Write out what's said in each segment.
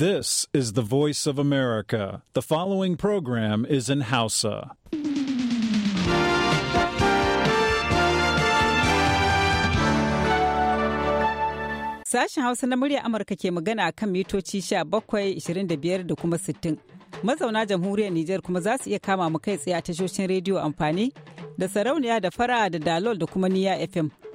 This is the voice of America. The following program is in Hausa. Sashen Hausa na murya Amurka ke magana kan mitoci 17, 25 da kuma 60. Mazauna jamhuriyar Nijar kuma za su iya kama mu kai tsaye a tashoshin rediyo amfani da sarauniya da fara da dalol da kuma niya FM.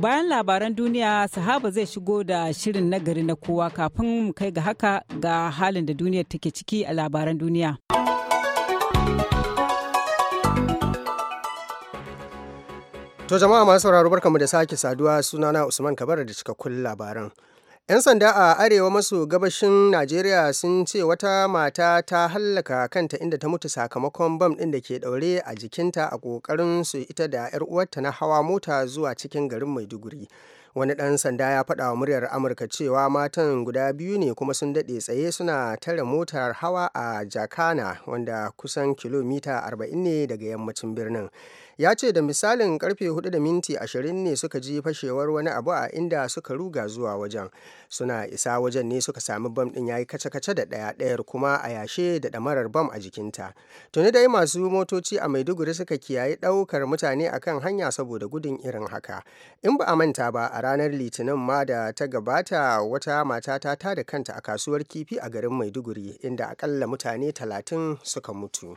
Bayan labaran duniya, sahaba zai shigo da shirin nagari na kowa kafin mu kai ga haka ga halin da duniyar take ciki a labaran duniya. To jama'a masu sauraro barkamu da sake saduwa sunana Usman Kabar da cikakkun labaran. ‘Yan sanda a arewa maso gabashin Najeriya sun ce wata mata ta hallaka kanta inda ta mutu sakamakon bam ɗin da ke ɗaure a jikinta a ƙoƙarin su ita da 'yar uwarta na hawa mota zuwa cikin garin Maiduguri. wani ɗan sanda ya faɗa wa muryar amurka cewa matan guda biyu ne kuma sun daɗe tsaye suna tare motar hawa a jakana wanda kusan kilomita 40 ne daga yammacin birnin ya ce da misalin karfe hudu da minti ashirin ne suka ji fashewar wani abu a inda suka ruga zuwa wajen suna isa wajen ne suka sami bam din yayi kace-kace da ɗaya ɗayar kuma a yashe da ɗamarar bam a jikinta tuni dai masu motoci a maiduguri suka kiyaye ɗaukar mutane akan hanya saboda gudun irin haka in ba a manta ba a ranar litinin ma da ta gabata wata mata ta tada kanta a kasuwar kifi a garin maiduguri inda akalla mutane talatin suka mutu.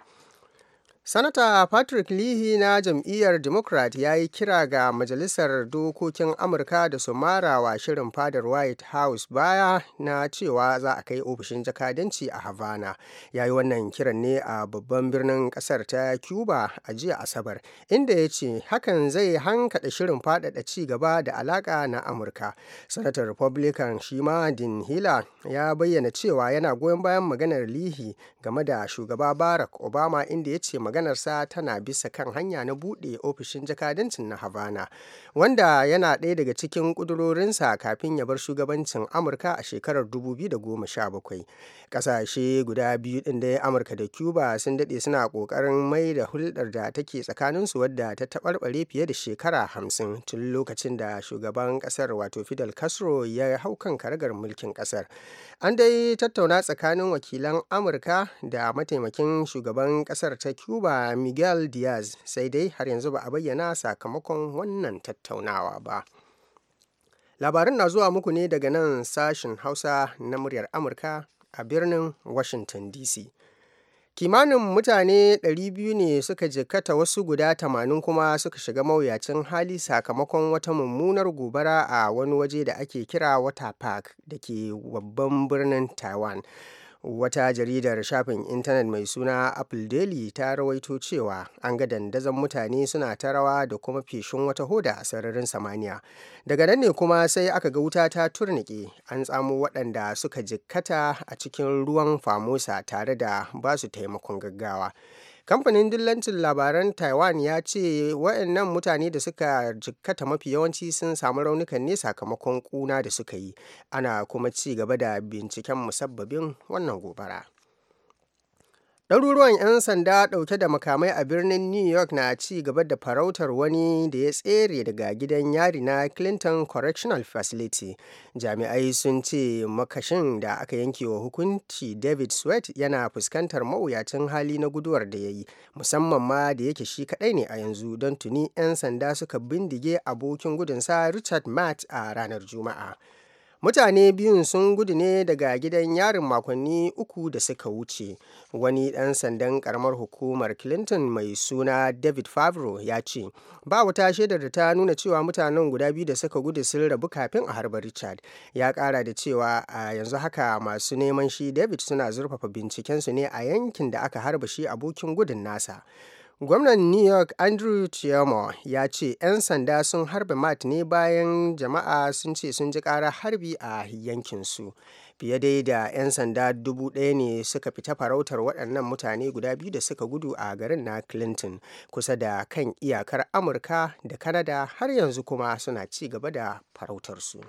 Sanata Patrick Leahy na jam'iyyar Democrat ya yi kira ga Majalisar Dokokin Amurka da su marawa shirin fadar White House baya na cewa za a kai ofishin jakadanci a Havana. Ya yi wannan kiran ne a babban birnin kasar ta Cuba a jiya Asabar, inda ya ce hakan zai hankada shirin fadada ci gaba da alaƙa na Amurka. Sanatar Republican Shima Din Hila ya bayyana cewa yana goyon bayan maganar Leahy game da shugaba Barack Obama inda ya ce maganarsa tana bisa kan hanya na buɗe ofishin jakadancin na havana wanda yana ɗaya daga cikin ƙudurorinsa kafin ya bar shugabancin amurka a shekarar 2017 ƙasashe guda biyu ɗin dai amurka da cuba sun daɗe suna ƙoƙarin mai da hulɗar da take tsakaninsu wadda ta taɓarɓare fiye da shekara hamsin tun lokacin da shugaban ƙasar wato fidel castro ya hau kan karagar mulkin ƙasar an dai tattauna tsakanin wakilan amurka da mataimakin shugaban ƙasar ta cuba ba miguel diaz sai dai har yanzu ba a bayyana sakamakon wannan tattaunawa ba labarin na zuwa muku ne daga nan sashen hausa na muryar amurka a birnin washington dc kimanin mutane 200 ne suka jikata wasu guda 80 kuma suka shiga mawuyacin hali sakamakon wata mummunar gobara a wani waje da ake kira water park da ke babban birnin taiwan wata jaridar shafin intanet mai suna apple daily ta rawaito cewa an ga dandazon mutane suna ta rawa da kuma feshin wata hoda a sararin samaniya daga nan ne kuma sai aka ga wuta ta turnike an tsamo waɗanda suka jikkata a cikin ruwan famosa tare da ba su taimakon gaggawa kamfanin dillancin labaran taiwan ya ce waɗannan mutane da suka jikkata mafi yawanci sun samu raunukan ne sakamakon kuna da suka yi ana kuma ci gaba da binciken musabbabin wannan gobara Ɗaruruwan 'yan sanda ɗauke da makamai a birnin New York na ci gaba da farautar wani da ya tsere daga gidan yari na Clinton Correctional Facility. Jami'ai sun ce makashin da aka yanke wa hukunci David Sweat yana fuskantar mawuyacin hali na guduwar da ya yi, musamman ma da yake shi kaɗai ne a yanzu don tuni 'yan sanda suka bindige abokin gudunsa Richard Matt a ranar Juma'a. mutane biyun sun gudu ne daga gidan yarin makonni uku da suka wuce wani ɗan sandan karamar hukumar clinton mai suna david favro ya ce ba wata shaidar da ta nuna cewa mutanen guda biyu da suka gudu sun rabu kafin a harba richard ya ƙara da cewa a yanzu haka masu neman shi david suna zurfafa bincikensu ne a yankin da aka harba shi abokin gudun nasa Gwamnan New York Andrew Cuomo ya ce 'yan sanda sun harbe mat ne bayan jama'a sun ce sun ji ƙarar harbi a yankinsu. Fiye dai da 'yan sanda dubu ɗaya ne suka fita farautar waɗannan mutane guda biyu da suka gudu a garin na Clinton kusa da kan iyakar Amurka da Kanada har yanzu kuma suna ci gaba da farautarsu.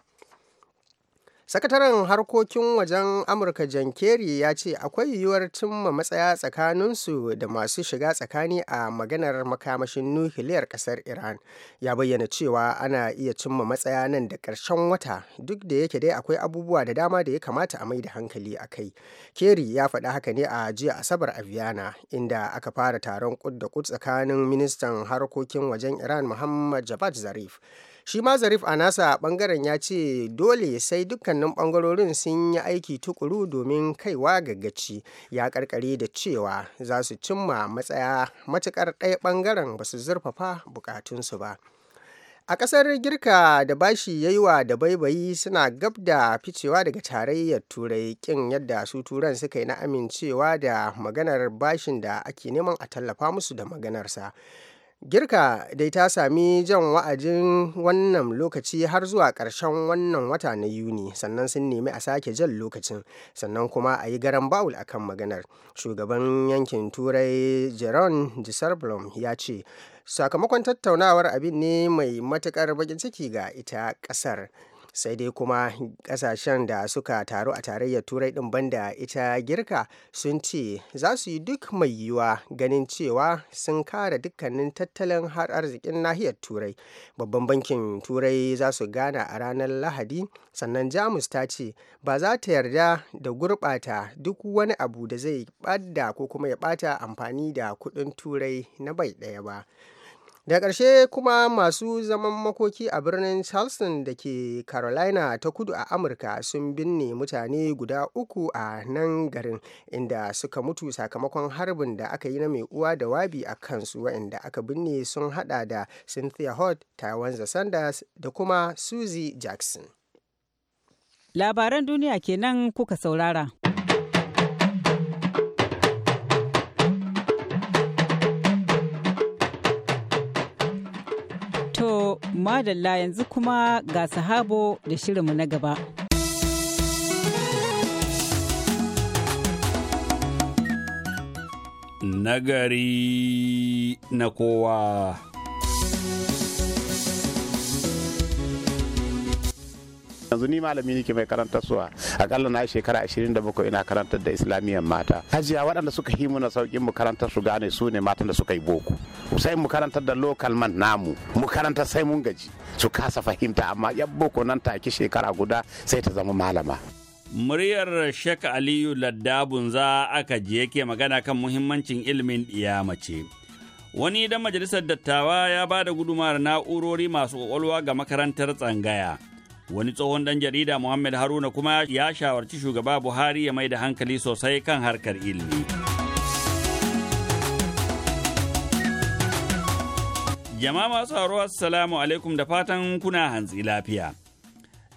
sakataren harkokin wajen amurka john kerry ya ce akwai yiwuwar cimma matsaya tsakaninsu da masu shiga tsakani a maganar makamashin nukiliyar kasar iran ya bayyana cewa ana iya cimma matsaya nan da karshen wata duk da yake dai akwai abubuwa da dama da ya kamata a mai da hankali a kai kerry ya faɗa haka ne a jiya asabar a viyana inda aka fara taron kud da kud tsakanin ministan harkokin wajen iran muhammad javad zarif shi ma zarif a nasa bangaren ya ce dole sai dukkanin bangarorin sun yi aiki tukuru domin kaiwa ga gaci ya karkare da cewa za su cimma matsaya matukar ɗaya bangaren ba su zurfafa bukatunsu ba a kasar girka da bashi ya yi wa da baibayi suna gab da ficewa daga tarayyar turai kin yadda su turan suka yi na amincewa da maganar bashin da ake neman a tallafa musu da maganarsa girka dai ta sami jan wa'ajin wannan lokaci har zuwa ƙarshen wannan wata na yuni sannan sun nemi a sake jan lokacin sannan kuma a yi garan bawul kan maganar shugaban yankin turai jeron disarblom ya ce sakamakon tattaunawar abin ne mai matuƙar bakin ciki ga ita ƙasar sai dai kuma kasashen da suka taru a tarayyar turai din banda ita girka sun ce za su yi duk mai yiwuwa ganin cewa sun kare dukkanin tattalin har arzikin nahiyar turai babban bankin turai za su gana a ranar lahadi sannan jamus ta ce ba za ta yarda da gurbata duk wani abu da zai bada ko kuma ya bata amfani da kudin turai na bai daya ba Da ƙarshe kuma masu zaman makoki a birnin Charleston da ke Carolina ta kudu a Amurka sun binne mutane guda uku a nan garin inda suka mutu sakamakon harbin da aka yi na mai uwa da wabi a kansu waɗanda aka binne sun hada da Cynthia hot Tawanza Sanders da kuma Susie Jackson. Labaran duniya kenan kuka saurara. To, madalla yanzu kuma ga sahabo da shirinmu na gaba. Nagari na kowa. yanzu ni malami nake mai karantar suwa akalla na shekara 27 ina karantar da islamiyyar mata hajiya waɗanda suka yi na saukin mu karantar su gane su ne matan da suka yi boko sai mu karantar da local man namu mu karantar sai mun gaji su kasa fahimta amma yan boko nan take shekara guda sai ta zama malama Muryar Sheikh Aliyu za aka ji yake magana kan muhimmancin ilimin mace. Wani dan majalisar dattawa ya ba da gudumar na'urori masu kwakwalwa ga makarantar tsangaya. wani tsohon dan jarida muhammad haruna kuma ya shawarci shugaba buhari ya mai da hankali sosai kan harkar ilimi jama'a masu haro assalamu alaikum da fatan kuna hantsi lafiya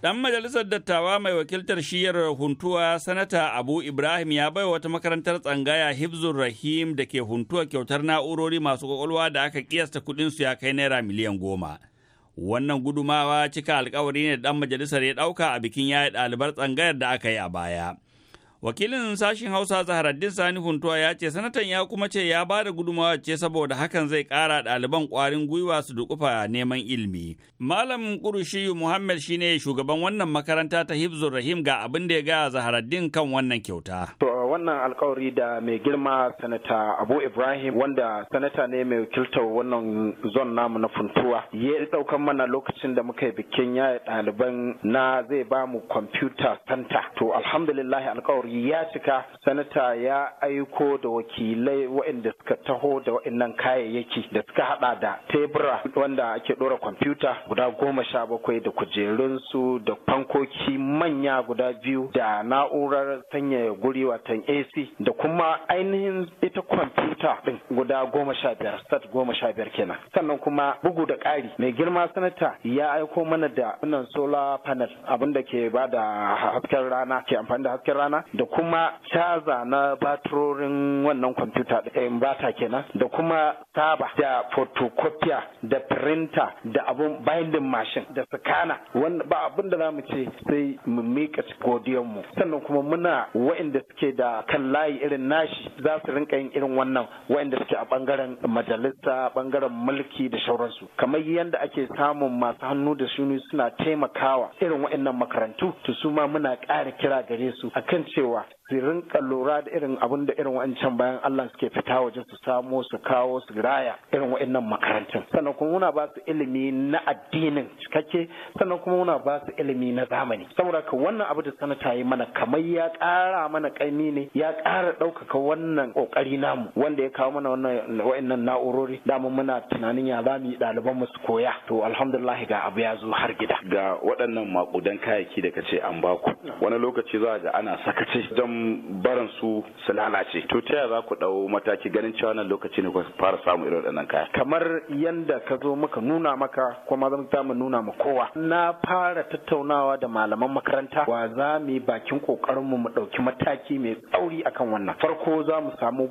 Ɗan majalisar dattawa mai wakiltar shiyar huntuwa sanata Abu Ibrahim ya baiwa wata makarantar tsangaya Hibzur Rahim da ke huntuwa kyautar na'urori masu kwakwalwa da aka kiyasta kudinsu ya kai naira miliyan goma. Wannan gudumawa cika alkawari ne da ɗan majalisar ya ɗauka a bikin yayi ɗalibar tsangayar da aka yi a baya. Wakilin sashen Hausa Zaharaddin Sani Huntuwa ya ce sanatan ya kuma ce ya ba da gudumawa ce saboda hakan zai kara ɗaliban ƙwarin gwiwa su dukufa neman ilimi. Malam Kurushi Muhammad shine shugaban wannan makaranta ta Hibzur Rahim ga abin da ya ga Zaharaddin kan wannan kyauta. wannan alkawari da mai girma sanata abu ibrahim wanda sanata ne mai wakiltar wannan zon namu na funtuwa ya daukan mana lokacin da muka yi bikin yaya ɗaliban na zai ba mu kwamfuta santa to alhamdulillah alkawari ya cika sanata ya aiko da wakilai waɗanda suka taho da waɗannan kayayyaki da suka haɗa da tebura wanda ake ɗora kwamfuta guda goma sha bakwai da kujerunsu da fankoki manya guda biyu da na'urar sanyaya guri watan AC da kuma ainihin ita kwamfuta ɗin guda goma sha biyar sat goma sha biyar kenan sannan kuma bugu da ƙari mai girma sanata ya aiko mana da wannan solar panel abin da ke ba da hasken rana ke amfani da hasken rana da kuma caza na baturorin wannan kwamfuta bata eh, kenan da kuma saba da photocopier da printer da abun binding machine da sakana wanda ba abin da zamu ce sai mu mika godiyar mu sannan kuma muna waɗanda suke da kan layi irin nashi za su rinka yin irin wannan waɗanda suke a bangaren majalisa bangaren mulki da sauransu kamar yadda ake samun masu hannu da shuni suna taimakawa irin waɗannan makarantu to su ma muna ƙara kira gare su akan cewa off su rinka lura da irin abin da irin wancan bayan Allah suke fita waje su samo su kawo su raya irin wa'annan makarantun sannan kuma muna ba su ilimi na addinin cikakke sannan kuma muna ba su ilimi na zamani saboda ka wannan abu da sanata yi mana kamar ya ƙara mana ƙaimi ne ya ƙara ɗaukaka wannan ƙoƙari namu wanda ya kawo mana wannan wa'annan na'urori dama muna tunanin ya za mu yi ɗaliban mu su koya to alhamdulillah ga abu ya zo har gida ga waɗannan makudan kayayyaki da ka ce an baku wani lokaci za ga ana sakace don barin su su lalace to ta za ku ɗau mataki ganin cewa nan lokaci ne ku fara samun irin waɗannan kaya kamar yadda ka zo muka nuna maka kuma zan ta mu nuna ma kowa na fara tattaunawa da malaman makaranta wa za mu yi bakin kokarin mu mu ɗauki mataki mai tsauri akan wannan farko za mu samu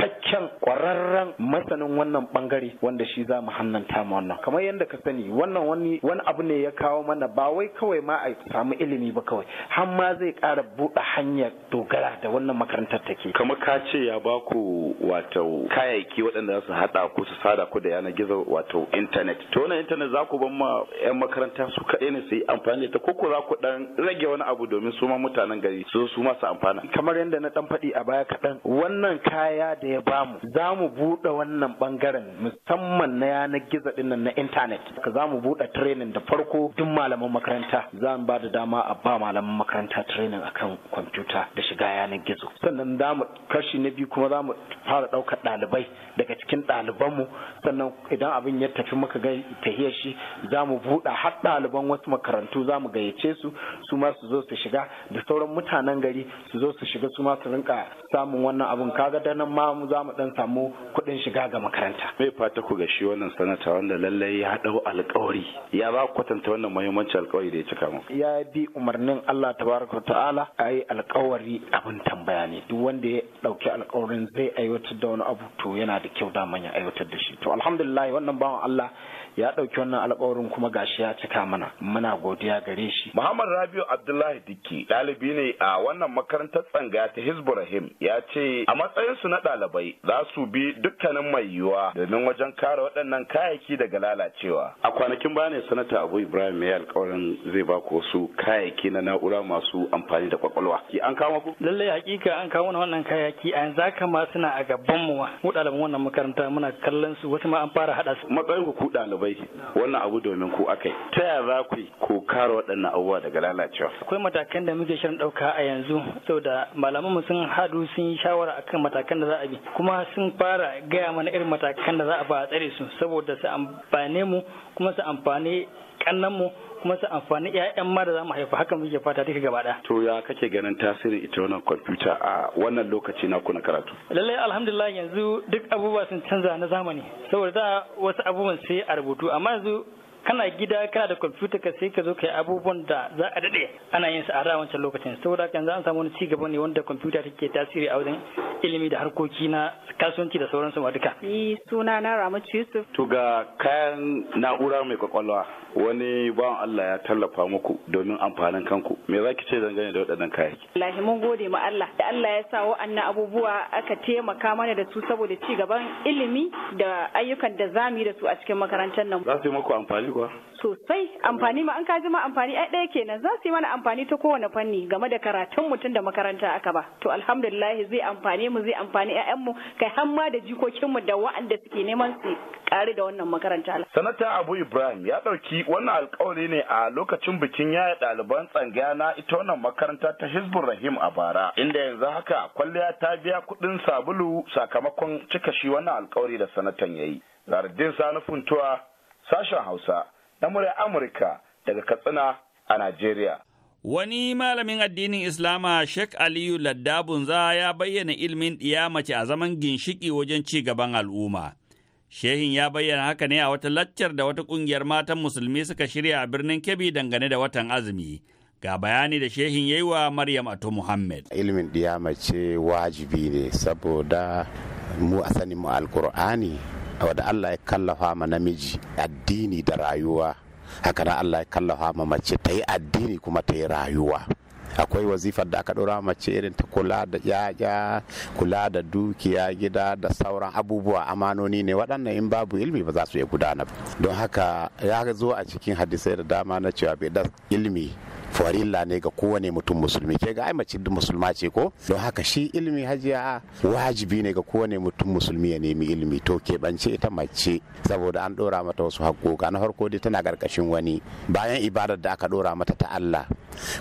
cikakken kwararren masanin wannan bangare wanda shi za mu hannanta mu wannan kamar yadda ka sani wannan wani wani abu ne ya kawo mana ba wai kawai ma a samu ilimi ba kawai har ma zai ƙara buɗe hanyar dogara da wannan makarantar take kamar ka ce ya ba ku wato kayayyaki waɗanda za su haɗa ku su sada ku da yanar gizo wato internet to wannan internet za ku ban ma 'yan makaranta su kaɗai ne su yi amfani da ta ko za ku ɗan rage wani abu domin su ma mutanen gari su su ma su amfana kamar yadda na ɗan faɗi a baya kaɗan wannan kaya da ne ya bamu za mu buɗe wannan bangaren musamman na yanar gizo ɗin na intanet ka za mu buɗe training da farko duk malaman makaranta za mu ba da dama a ba malaman makaranta training akan kwamfuta da shiga yanar gizo sannan za mu kashi na biyu kuma za mu fara ɗaukar ɗalibai daga cikin ɗaliban mu sannan idan abin ya tafi muka ga tahiyar shi za mu buɗe har ɗaliban wasu makarantu za mu gayyace su su ma su zo su shiga da sauran mutanen gari su zo su shiga su ma su rinka samun wannan abin kaga da nan ma samu za mu dan samu kuɗin shiga ga makaranta. Mai fata ku ga shi wannan sanata wanda lallai ya dau alƙawari ya ba ku kwatanta wannan muhimmancin alƙawari da ya cika mu. Ya bi umarnin Allah tabaraka ta'ala yi alƙawari abin tambaya ne duk wanda ya ɗauki alƙawarin zai aiwatar da wani abu to yana da kyau da manya aiwatar da shi. To alhamdulillah wannan bawan Allah ya ɗauki wannan alƙawarin kuma gashi ya cika mana muna godiya gare shi Muhammad Rabiu Abdullahi Dikki ɗalibi ne a wannan makarantar tsanga ta Hizburahim ya ce a matsayinsu na ɗalibai za su bi dukkanin mai yiwuwa domin wajen kare waɗannan kayayyaki daga lalacewa a kwanakin baya ne sanata Abu Ibrahim ya alƙawarin zai ba ku wasu kayayyaki na na'ura masu amfani da kwakwalwa an kawo ku lallai hakika an kawo wannan kayayyaki a yanzu haka ma suna a gaban mu mu wannan makaranta muna kallon su wasu ma an fara haɗa su matsayin ku ɗalibai ɗalibai wannan abu domin ku akai ta ya za ku ku kare waɗannan abubuwa daga lalacewa akwai matakan da muke shirin ɗauka a yanzu saboda malaman mu sun haɗu sun yi shawara akan matakan da za a bi kuma sun fara gaya mana irin matakan da za a ba tsare su saboda su amfane mu kuma su amfane kannan mu kuma su amfani ƴaƴan ma da za mu haifa haka muke fata duka gaba ɗaya. To ya kake ganin tasirin ita wannan kwamfuta a wannan lokaci na ku na karatu? Lallai alhamdulillah yanzu duk abubuwa sun canza na zamani saboda da wasu abubuwan sai a rubutu amma yanzu kana gida kana da kwamfuta ka sai ka zo ka yi abubuwan da za a daɗe ana yin sa a da wancan lokacin saboda haka za a samu wani cigaba ne wanda kwamfuta take tasiri a wajen ilimi da harkoki na kasuwanci da sauran ma duka. Ni suna na Ramatu Yusuf. To ga kayan na'ura mai kwakwalwa wani bawan Allah ya tallafa muku domin amfanin kanku me za ki ce dangane da waɗannan kayayyaki. Lahi mun gode ma Allah da Allah ya sa wa'annan abubuwa aka taimaka mana da su saboda ci ilimi da ayyukan da zamu yi da su a cikin makarantar nan. Za su yi muku amfani sosai kuwa. Sosai amfani ma an kaji ma amfani ai ɗaya kenan za su yi mana amfani ta kowane fanni game da karatun mutum da makaranta aka ba. To alhamdulillah zai amfani mu zai amfani mu kai hamma da jikokinmu da wa'anda suke neman su kare da wannan makaranta. Sanata Abu Ibrahim ya ɗauki wannan alƙawari ne a lokacin bikin yaya ɗaliban tsangaya na ita wannan makaranta ta Hizbun Rahim a bara inda yanzu haka kwalliya ta biya kuɗin sabulu sakamakon cika shi wannan alkawari da sanatan ya yi. Zardin Sani Funtuwa sashen Hausa na murya Amurka daga Katsina a Najeriya. Wani malamin addinin Islama Sheikh Aliyu Laddabunza ya bayyana ilimin ɗiya mace a zaman ginshiki wajen ci gaban al'umma. Shehin ya bayyana haka ne a wata laccar da wata ƙungiyar matan musulmi suka shirya a birnin Kebbi dangane da watan azumi. Ga bayani da shehin yayi wa Maryam Ato Muhammad. Ilimin ɗiya mace wajibi ne saboda mu a mu alkur'ani wadda Allah ya kallafa ma namiji addini da rayuwa haka na Allah ya kallafa ma mace ta yi addini kuma ta yi rayuwa akwai wazifar da aka ɗora mace irin ta kula da yaya kula da dukiya gida da sauran abubuwa amanoni ne waɗannan in babu ilmi ba za su iya gudana don haka ya zo a cikin hadisai da dama na cewa bai da ilmi farilla ne ga kowane mutum musulmi ke ga mace musulma ce ko don haka shi ilimi hajiya wajibi ne ga kowane mutum musulmi ya nemi ilimi to keɓance ita mace saboda an ɗora mata wasu haƙoƙa na farko dai tana ƙarƙashin wani bayan ibadar da aka ɗora mata ta Allah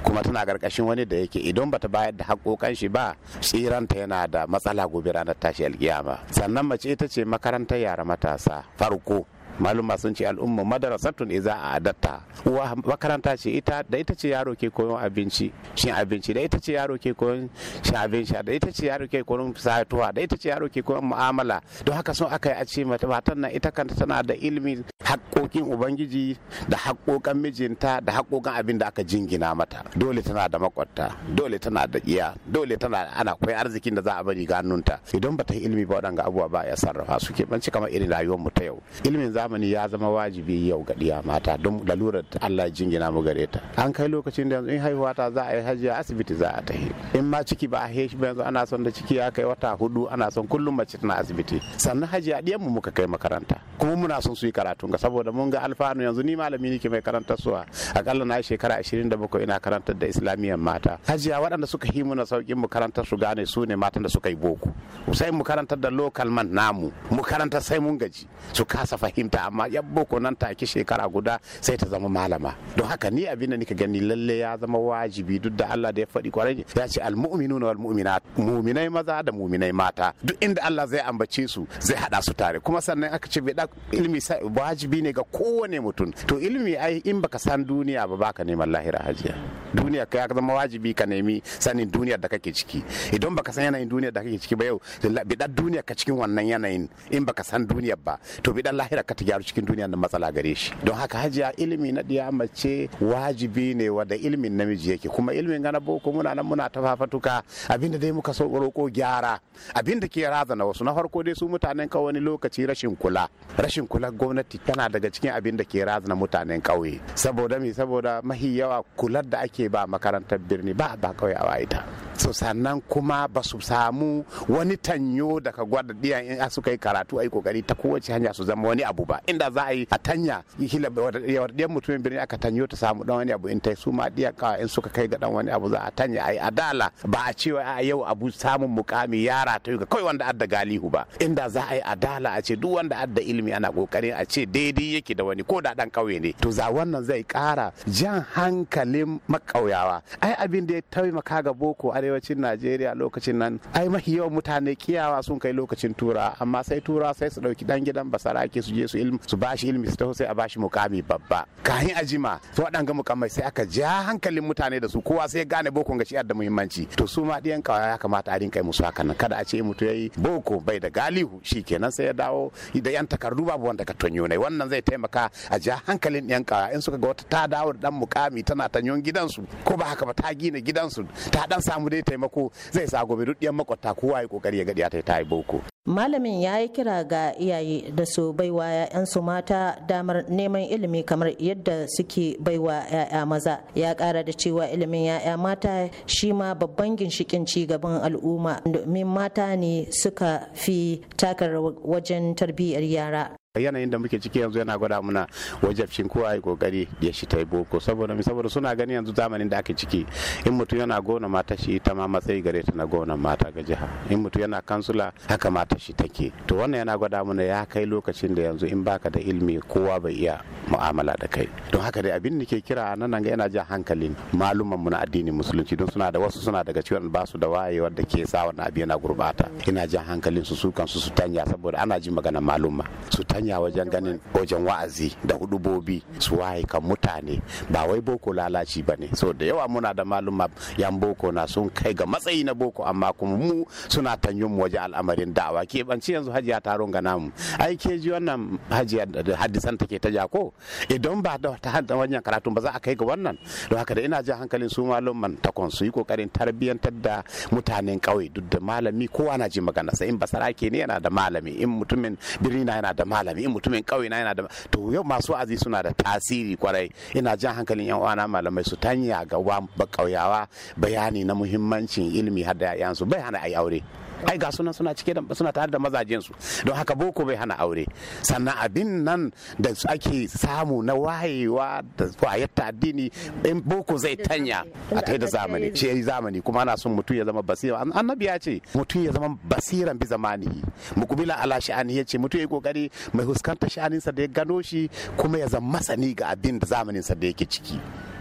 kuma tana ƙarƙashin wani da yake idan bata bayar da haƙoƙan shi ba tsiranta yana da matsala gobe ranar tashi alkiyama sannan mace ita ce makarantar yara matasa farko maluma sun ce al'umma madarasatun iza a adatta uwa makaranta ce ita da ita ce yaro ke koyon abinci shin abinci da ita ce yaro ke koyon shin abin sha da ita ce yaro ke koyon satuwa da ita ce yaro ke koyon mu'amala don haka sun aka yi a ce mata matan nan ita kanta tana da ilimi haƙoƙin ubangiji da haƙoƙan mijinta da haƙoƙan abin da aka jingina mata dole tana da makwabta dole tana da iya dole tana ana koyi arzikin da za a bari ga hannunta idan ta yi ilimi ba waɗanga abubuwa ba ya sarrafa su ke ci kamar irin rayuwar mu ta yau ilimin za zamani ya zama wajibi yau ga ɗiya mata don lalurar Allah jingina mu gare ta an kai lokacin da yanzu in haihuwa ta za a yi hajiya asibiti za a tafi in ma ciki ba a haihu ba yanzu ana son da ciki ya kai wata hudu ana son kullum mace tana asibiti sannan a ɗiyan mu muka kai makaranta kuma muna son su yi karatu ga saboda mun ga alfanu yanzu ni malami nake mai karantar suwa akalla na shekara 27 ina karantar da islamiyan mata hajiya waɗanda suka yi muna saukin mu karantar su gane su ne matan da suka yi boko sai mu karantar da local man namu mu karanta sai mun gaji su kasa fahimta ta amma yan boko nan take shekara guda sai ta zama malama don haka ni abin da nika gani lalle ya zama wajibi duk da Allah da ya faɗi kwarai ya ce almu'minuna wal mu'minat mu'minai maza da mu'minai mata duk inda Allah zai ambace su zai hada su tare kuma sannan aka ce bida ilimi wajibi ne ga kowane mutum to ilimi ai in baka san duniya ba baka neman lahira hajiya duniya ka zama wajibi ka nemi sanin duniya da kake ciki idan baka san yanayin duniya da kake ciki ba yau bidar duniya ka cikin wannan yanayin in baka san duniya ba to da lahira ka gyaru cikin duniya na matsala gare shi don haka hajiya ilimi na ɗiya mace wajibi ne wanda ilimin namiji yake kuma ilimin gana boko muna nan muna ta fafatuka abinda dai muka so roko gyara abinda ke razana wasu na farko dai su mutanen ka wani lokaci rashin kula rashin kula gwamnati tana daga cikin abinda ke ke razana mutanen kauye. saboda mi saboda mahi yawa kular da ake ba makarantar birni ba ba ƙauye a ita so sannan kuma ba su samu wani tanyo daga gwada diyan in suka yi karatu a yi kokari ta kowace hanya su zama wani abu ba inda za a yi a tanya hila yawar ɗiyan mutumin birni aka tanyo ta samu dan wani abu in ta su ma diya kawa in suka kai ga dan wani abu za a tanya a yi adala ba a cewa a yau abu samun mukami yara ta ga kawai wanda adda galihu ba inda za a yi adala a ce duk wanda adda ilimi ana kokarin a ce daidai yake da wani ko da dan kauye ne to za wannan zai kara jan hankalin makauyawa ai abin da ya taimaka ga boko arewacin najeriya lokacin nan ai mahi yawan mutane kiyawa sun kai lokacin tura amma sai tura sai su dauki dan gidan basarake su je su su su bashi ilmi su taho sai a bashi mukami babba kahin ajima to waɗanga mukamai sai aka ja hankalin mutane da su kowa sai gane boko ga shi da muhimmanci to su ma ɗiyan kawai ya kamata a rinka musu haka nan kada a ce mutu yayi boko bai da galihu shikenan sai ya dawo da yan takardu babu wanda ka tonyo ne wannan zai taimaka a ja hankalin ɗiyan kawai in suka ga wata ta dawo da dan mukami tana tanyon gidansu ko ba haka ba ta gina gidansu ta dan samu dai taimako zai sa gobe duk ɗiyan makwabta kowa ya kokari ya gadi ya ta yi boko malamin ya yi kira ga iyaye da su baiwa 'ya'yansu mata damar neman ilimi kamar yadda suke baiwa 'ya'ya maza ya kara da cewa ilimin 'ya'ya mata shi ma babban ginshikin ci gaban al'umma domin mata ne suka fi takar wajen tarbiyyar yara yanayin da muke ciki yanzu yana gwada muna wajabcin ko a kokari ya shi ta boko saboda mi saboda suna gani yanzu zamanin da ake ciki in mutum yana gona mata shi ita ma matsayi gare ta na gona mata ga jiha in mutum yana kansula haka mata shi take to wannan yana gwada muna ya kai lokacin da yanzu in baka da ilimi kowa bai iya mu'amala da kai don haka dai abin da ke kira a nan ga yana jan hankalin maluman mu na addinin musulunci don suna da wasu suna daga cikin basu da wayewar da ke sa wannan abin yana gurbata ina jan hankalin su su kansu su tanya saboda ana ji magana maluma su hanya wajen ganin wajen wa'azi da hudubobi su waye kan mutane ba wai boko lalaci ba ne so da yawa muna da maluma yan boko na sun kai ga matsayi na boko amma kuma mu suna tanyin mu waje al'amarin da'awa ke banci yanzu hajiya ta runga namu ai ke ji wannan hajiya hadisan take ta jako idan ba da ta wannan karatun ba za a kai ga wannan don haka da ina jin hankalin su maluman takon su yi kokarin tarbiyyantar da mutanen kauye duk da malami kowa na ji magana sai in basara ke ne yana da malami in mutumin birni yana da malami malami in mutumin ƙauye na yana da to yau masu azi suna da tasiri kwarai ina jan hankalin yan uwana malamai su tanya ga ba ƙauyawa bayani na muhimmancin ilimi har da 'ya'yansu bai hana a aure ai ga sunan suna cike da suna tare da mazajen su don haka boko bai hana aure sannan abin nan da ake samu na wayewa da wayar addini in boko zai tanya a ta da zamani zamani kuma ana son mutum ya zama basira annabi ya ce mutum ya zama basiran bi zamani mukubila ala sha'ani ya ce mutum ya kokari mai huskanta sa da ya gano shi kuma ya zama masani ga abin da zamaninsa da yake ciki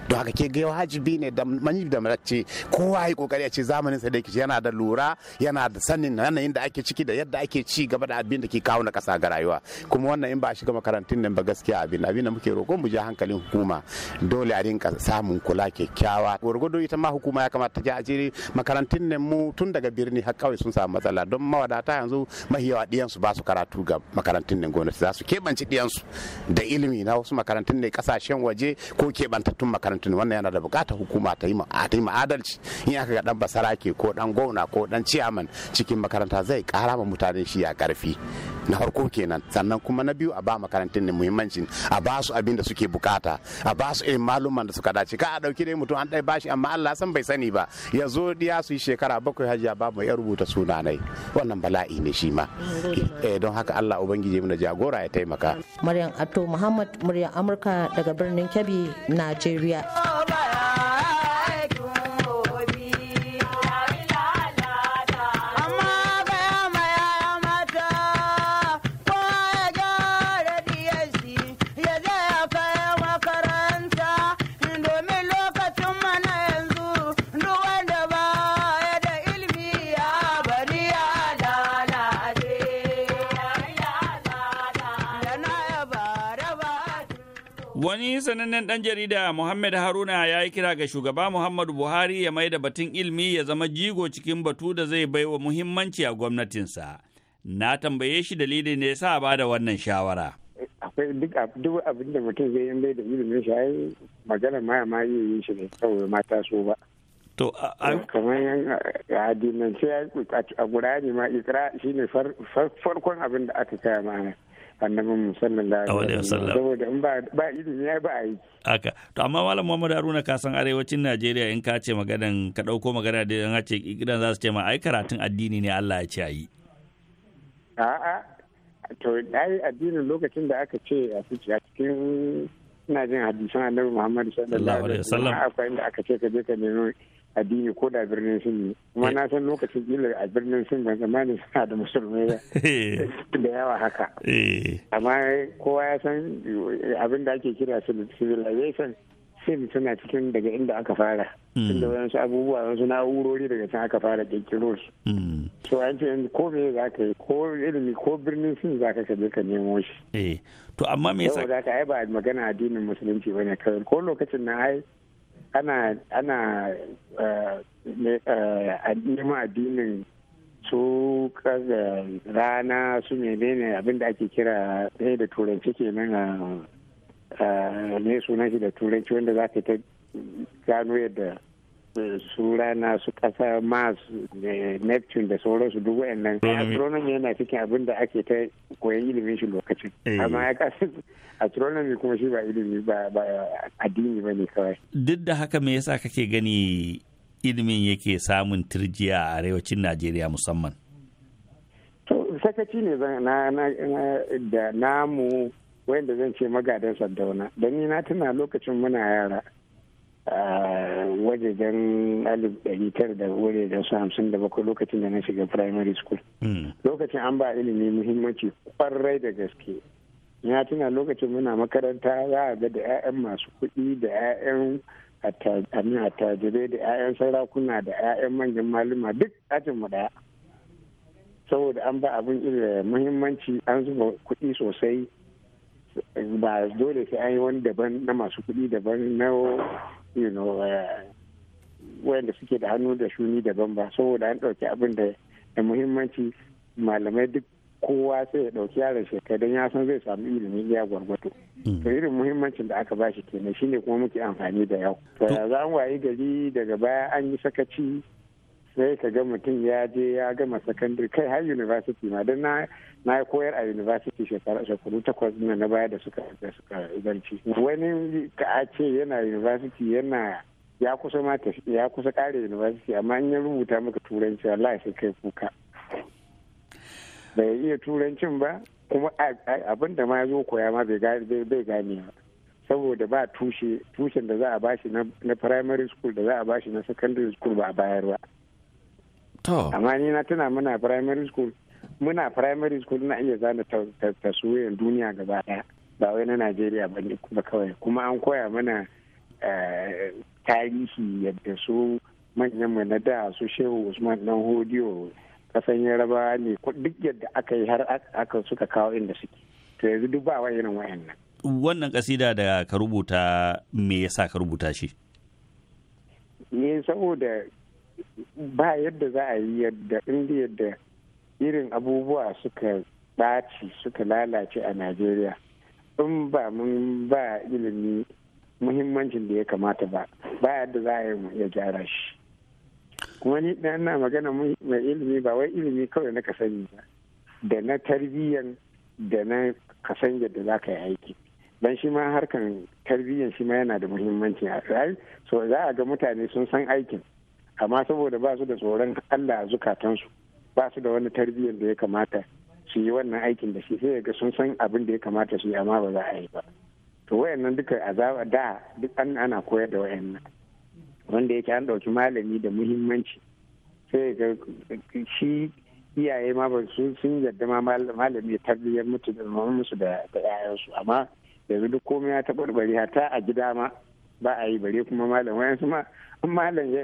don haka ke ga wajibi ne da manyi da mace kowa ya kokari a ce zamanin sa da yake yana da lura yana da sanin yanayin da ake ciki da yadda ake ci gaba da abin da ke kawo na kasa ga rayuwa kuma wannan in ba shiga makarantun nan ba gaskiya abin abin da muke roƙon mu ji hankalin hukuma dole a rinka samun kula kyakkyawa gurgudu ita ma hukuma ya kamata ta a ajiri makarantun nan mu tun daga birni har kawai sun samu matsala don mawadata yanzu mahiyawa diyansu ba su karatu ga makarantun nan gwamnati za su keɓance diyansu da ilimi na wasu makarantun ne kasashen waje ko keɓantattun makarantun makarantun wannan yana da bukatar hukuma ta yi ma'adalci adalci in aka ga dan basarake ko dan gwamna ko dan ciyaman cikin makaranta zai kara ma mutane shi ya karfi na farko kenan sannan kuma na biyu a ba makarantun ne muhimmancin a ba su abin da suke bukata a ba su irin maluman da suka dace ka a dauki dai mutum an dai bashi amma Allah san bai sani ba ya zo diya su yi shekara bakwai hajiya babu mai rubuta sunanai wannan bala'i ne shi ma eh, don haka Allah ubangiji mu da jagora ya taimaka Maryam atto Muhammad muryar Amurka daga birnin Kebbi Najeriya Oh, my. Wani sanannen ɗan jarida Muhammad Haruna ya yi kira ga shugaba Muhammadu Buhari ya mai da batun ilmi ya zama jigo cikin batu da zai baiwa muhimmanci a gwamnatinsa. Na tambaye shi dalilin ne sa ba da wannan shawara. Akwai duk abin da mutum zai yi da ilimin shi ai magana ma ma yi shi ne kawai mata so ba. To kamar yan adinance a ne ma ikra shine farkon abin da aka kaya mana. annabin sallallahu alaihi wasallam saboda in ba izini ya ba yi. aka to amma malam Muhammad Haruna ka san arewacin Najeriya in ka ce maganan ka dauko magana da an ce gidan za su ce ma ai karatun addini ne Allah ya ce yi. a'a to yi addinin lokacin da aka ce a cikin ina jin hadisan annabi Muhammad sallallahu alaihi wasallam akwai inda aka ce ka je ka nemi addini ko da birnin sun ne kuma eh. na san lokacin kila a birnin sun ban zamanin suna da musulmi eh. da yawa haka eh. amma kowa ya san abin da ake kira civilization sin suna cikin daga inda aka fara inda hmm. wasu abubuwa wasu na'urori daga can aka fara kirkiro shi hmm. so an ce ko me za ka yi ko ilimi ko birnin sin za ka kaje ka nemo shi to amma me yasa ka ai ba magana addinin musulunci bane kawai ko lokacin na ai ana ana eh, eh, nema addinin su kaga rana su menene abin da ake kira ɗaya eh, da turanci kenan a ne sunan shi da turanci wanda za ka ta gano yadda su rana su ƙasa mars neptune da sauransu duk wa'annan astronomy yana cikin abin da ake ta koyan ilimin shi lokacin eh. amma ya kasu astronomy kuma shi ba ilimi ba addini ba ne kawai duk da haka me yasa kake gani ilimin yake samun turjiya a arewacin najeriya musamman to sakaci ne na da namu wanda zan ce magadan sardauna don ni na tuna lokacin muna yara wajajen alif ɗari tara da wuri da su hamsin da bakwai lokacin da na shiga primary school hmm. lokacin an ba ilimi muhimmanci kwarai da gaske ya tuna lokacin muna makaranta za a ga da 'ya'yan masu kuɗi da 'ya'yan attajirai da 'ya'yan sarakuna da 'ya'yan manyan maluma duk ajin mu ɗaya saboda an ba abin da muhimmanci an zuba kuɗi sosai ba dole sai an yi wani daban na masu kuɗi daban na you know uh, wayanda suke da hannu da shuni daban ba saboda an ɗauki abin da da muhimmanci malamai duk kowa sai ya ɗauki yaron shekaru don ya san zai samu ilimin ya gwargwato hmm. to irin muhimmancin da aka bashi kenan shine kuma muke amfani da yau to ya za wayi gari daga baya an yi sakaci sai ka ga mutum ya je ya gama secondary kai har university ma don na na koyar a university shekaru takwas na na baya da suka da wani ka a ce yana university yana ya kusa ma ya kusa kare university amma in ya rubuta maka turanci Allah sai kai kuka bai iya turancin ba kuma abin da ma ya zo koya ma bai gane ba saboda ba tushe tushen da za a bashi na primary school da za a bashi na secondary school ba a bayar ba amma ni na tuna muna primary school muna primary school na iya zana taswirar duniya gaba daya ba wai na najeriya ba ne kuma kawai kuma an koya mana eh, tarihi yadda su manyan mu na da su shehu usman dan hodiyo kasan yaraba ne duk yadda aka yi har aka suka kawo inda suke to yanzu duk ba wa irin wayannan wannan kasida da ka rubuta me yasa ka rubuta shi ne saboda ba yadda za a yi yadda indiya yadda irin abubuwa suka ɓaci suka lalace a najeriya in ba mun ba ilimi muhimmancin da ya kamata ba ba yadda za a yi ya gyara shi kuma ni na magana mai ilimi ba wai ilimi kawai na kasani ba da na tarbiyyan da na kasan yadda za ka yi aiki dan shi ma harkan tarbiyyan shi ma yana da muhimmanci so za a ga mutane sun san aikin amma saboda ba su da tsoron Allah a zukatansu ba su da wani tarbiyyar da ya kamata su yi wannan aikin da shi sai ga sun san abin da ya kamata su yi amma ba za a yi ba to wayannan duka azaba da duk an ana koyar da wayannan wanda yake an ɗauki malami da muhimmanci sai ga shi iyaye ma ba su sun yadda ma malami ya tarbiyyar mutu da musu da 'ya'yansu amma yanzu duk komai ya taɓarɓare hata a gida ma ba a yi bare kuma malam wayansu ma malam ya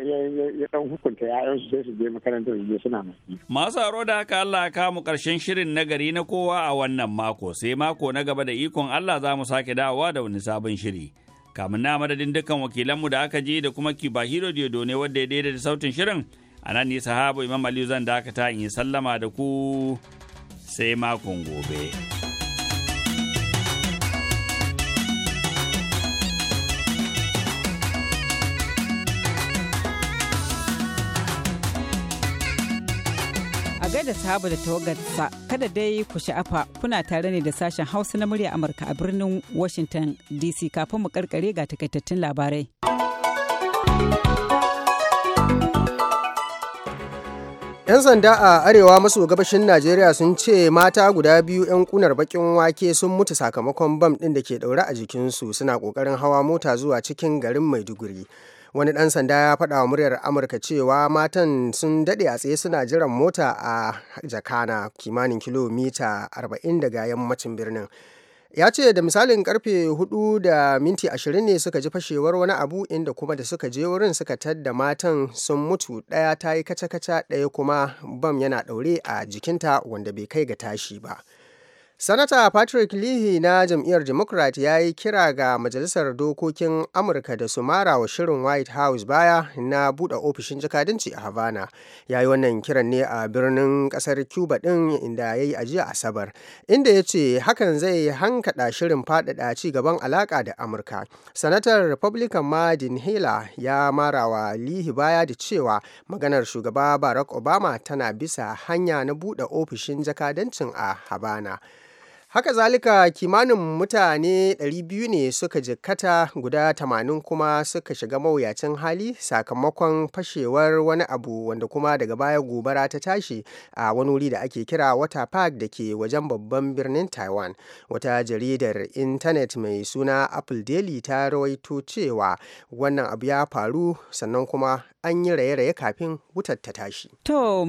dan hukunta ya'yansu sai su je makarantar su je suna maki. Masu aro da haka Allah ya mu karshen shirin na gari na kowa a wannan mako sai mako na gaba da ikon Allah za mu sake dawowa da wani sabon shiri. Kamun na madadin dukkan wakilanmu da aka je da kuma Kibahiro Diodo ne wadda ya daidaita sautin shirin a nan ne sahabu Imam Aliyu zan dakata in yi sallama da ku sai makon gobe. da sahaba da tawagarsa kada dai ku sha'afa kuna tare ne da sashen hausa na murya amurka a birnin washington dc kafin mu karkare ga takaitattun labarai yan sanda a arewa maso gabashin najeriya sun ce mata guda biyu yan kunar bakin wake sun mutu sakamakon bam din da ke daure a jikinsu suna kokarin hawa mota zuwa cikin garin maiduguri wani dan sanda ya faɗa wa muryar amurka cewa matan sun daɗe a tsaye suna jiran mota a jakana kimanin kilomita 40 daga yammacin birnin ya ce da misalin karfe 4 da minti 20 ne suka ji fashewar wani abu inda kuma da suka je wurin suka tadda matan sun mutu ɗaya ta yi kaca-kaca ɗaya kuma bam yana ɗaure a jikinta wanda bai kai ga tashi ba Sanata Patrick Leahy na jam'iyyar Democrat ya yi kira ga Majalisar Dokokin Amurka da su mara wa shirin White House baya na buɗe ofishin jakadanci a Havana. Ya yi wannan kiran ne a birnin ƙasar Cuba ɗin inda ya yi ajiya a Asabar, inda ya ce hakan zai hankada shirin faɗaɗa ci gaban alaƙa da Amurka. Sanatar Republican Madin Hila ya mara wa Leahy baya da cewa maganar shugaba Barack Obama tana bisa hanya na buɗe ofishin jakadancin a Havana. haka zalika kimanin mutane 200 ne suka jikkata guda 80 kuma suka shiga mawuyacin hali sakamakon fashewar wani abu wanda kuma daga baya gobara ta tashi a wani wuri da ake kira wata park da ke wajen babban birnin taiwan wata jaridar intanet mai suna apple daily ta rawaito cewa wannan abu ya faru sannan kuma an yi raye-raye kafin wutar ta tashi to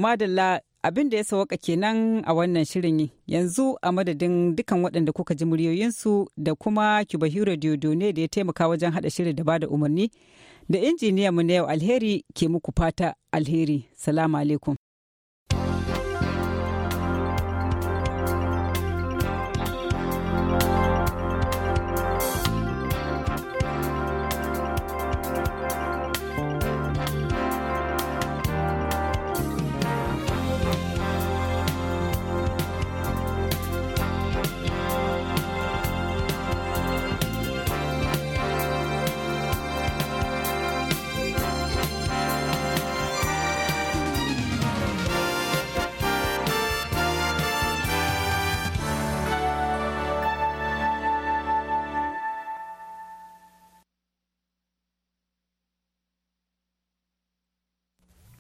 abin da ya sauka kenan a wannan shirin yanzu a madadin dukan waɗanda kuka ji muryoyinsu da kuma kibahiro ne da ya taimaka wajen haɗa shirin da ba da umarni da injiniyan mu na yau alheri ke muku fata alheri salamu alaikum